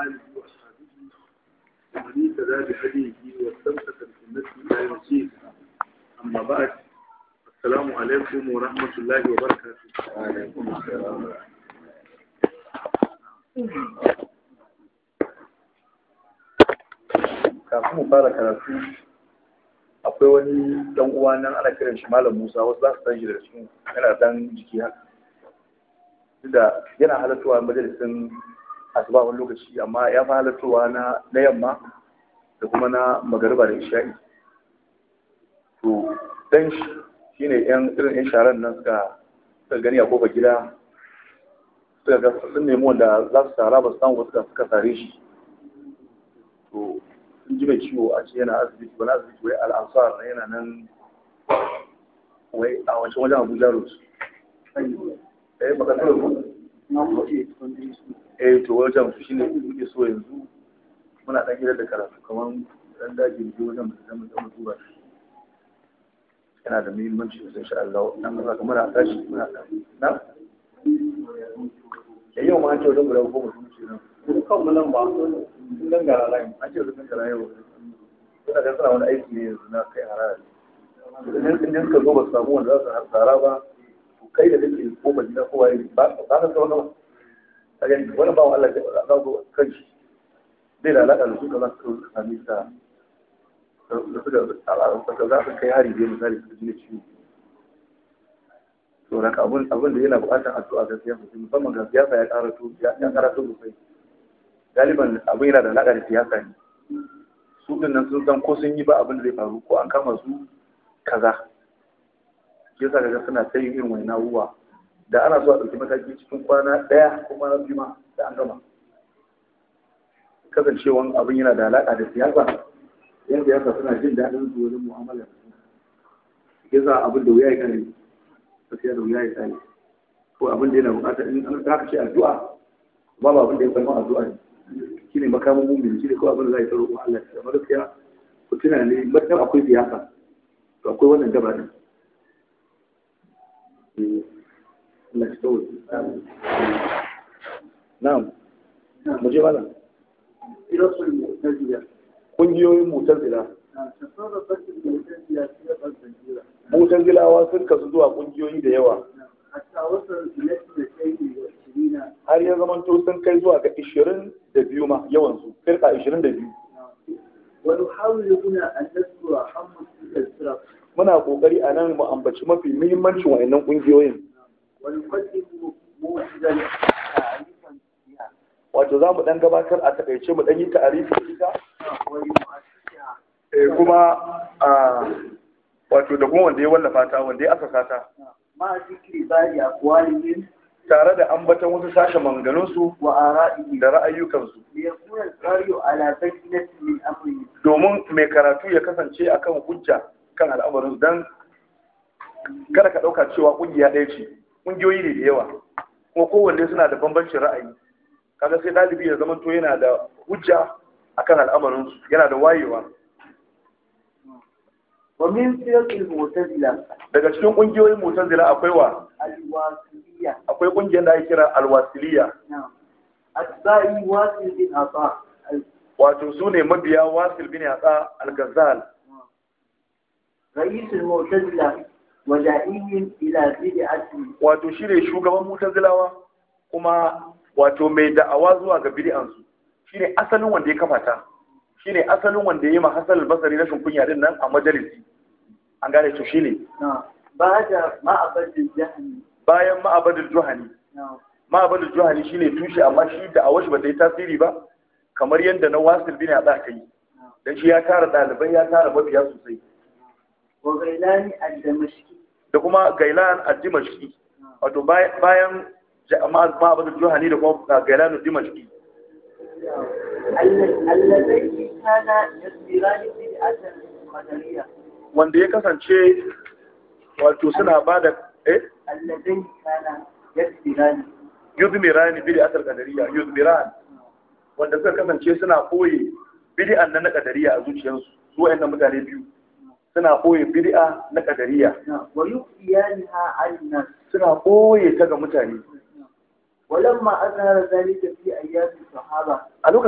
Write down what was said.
آله وأصحابه ومن اهتدى بهديه واستمسك بسنته إلى يوم الدين أما بعد السلام عليكم ورحمة الله وبركاته وعليكم السلام kafin mu fara karatu akwai wani dan uwa nan ana kiran shi malam Musa wasu za su san shi da su yana dan jiki haka da yana halattuwa majalisin asuba wani lokaci amma ya fi halittowa na na yamma da kuma na magariba da isha'i to dan shi ne yan irin yan sharan nan suka suka gani a kofar gida suka ga sun nemi wanda za su tara ba su samu suka suka tare shi to sun ji mai ciwo a ce yana asibiti wani asibiti wai al'ansar na yana nan wai a wancan wajen abuja road ɗaya makasar su. eh to wajen su shine kuke so yanzu muna dan gidan da karatu kamar dan daji ne wajen mu zama zama duba shi yana da muhimmanci sosai insha Allah nan maza kuma muna tashi muna na da eh, yau ma an ce wajen guda goma sun shi nan kan mu nan ba sun gangara layin an ce sun gangara yau suna ga suna wani aiki ne yanzu na kai harara ne in ka zo ba su samu wanda za su harara ba to kai da kake goma gida ko waye ba ka samu ba kagan wani bawan Allah ya za ku kan shi zai da alaƙa da su kaza su sami da da su da tsararun kasa za su kai hari biyu misali su jiya ciwo to na abin abin da yana buƙatar addu'a ga siyasa musamman ga siyasa ya ƙara to ya ƙara to sosai galiban abin yana da alaƙa da siyasa ne su ɗin nan sun san ko sun yi ba abin da zai faru ko an kama su kaza shi yasa kaga suna ta yin irin wani na'uwa da ana so a ɗauki mataki cikin kwana ɗaya ko kwana biyu ma da an gama kasancewan abin yana da alaƙa da siyasa yan siyasa suna jin daɗin su wajen mu'amala ya sa abin da wuya ya kare siya da wuya ya kare ko abin da yana buƙatar in an haka ce addu'a ba ba abin da ya kalma addu'a ne shine makamin shi ne ko abin da za a yi tsaro Allah ya amma gaskiya ku tuna ne matan akwai siyasa to akwai wannan gaba eh. Allah shi kawai na'am mu je mana kungiyoyin sun kasu zuwa kungiyoyi da yawa har ya zama to sun kai zuwa ga 22 ma yawan firka 22 muna kokari a nan mu ambaci mafi muhimmancin wa'annan ƙungiyoyin. wato za mu ɗan gabatar a takaice mu ɗan yi ta'arifi ita eh, kuma wato da kuma wanda ya wallafa ta wanda ya saka ta ma zikri bari aqwalihim tare da ambaton wasu sashen ara'i da su domin mai karatu ya kasance akan hujja kan al'amarin dan kada ka ɗauka cewa ƙungiya ɗaya ce ƙungiyoyi ne da yawa kuma kowanne suna da bambancin ra'ayi kaga sai ɗalibi ya zama to yana da hujja akan su yana da wayewa ومن motsa المعتزلة daga cikin kungiyoyin mu'tazila akwai wa alwasiliya akwai kungiyar da ake kira alwasiliya atba'i wasil bin asa wato su ne mabiya wasil bin asa al-ghazal motsa المعتزلة wada'ihim ila bid'ati wato shine shugaban mutazilawa kuma wato mai da'awa zuwa ga bid'an su shine asalin wanda ya kafa ta shine asalin wanda ya yi mahasalar basari na kunya din nan a majalisi an gane to shine bada bayan ma'abadin juhani ma'abadin juhani shine tushe amma shi da shi ba ta yi tasiri ba kamar yadda na wasil bin ya tsaka yi dan shi ya tara dalibai ya tara mafiya sosai wa gailani al-damashq da kuma gailan addimashi wato bayan jama'a ba abin juhani da kuma ah, gailan addimashi wanda ya kasance wato suna ba da eh alladhi kana biri yuzmirani bi asr qadariya yuzmiran wanda suka kasance suna koyi bid'an nan na kadariya a zuciyarsu su yadda mutane biyu suna ɓoye bid'a na ƙadariya. Wa yuqiyaniha annas suna ɓoye ta ga mutane. Walamma azhara zalika fi ayyami sahaba. A lokacin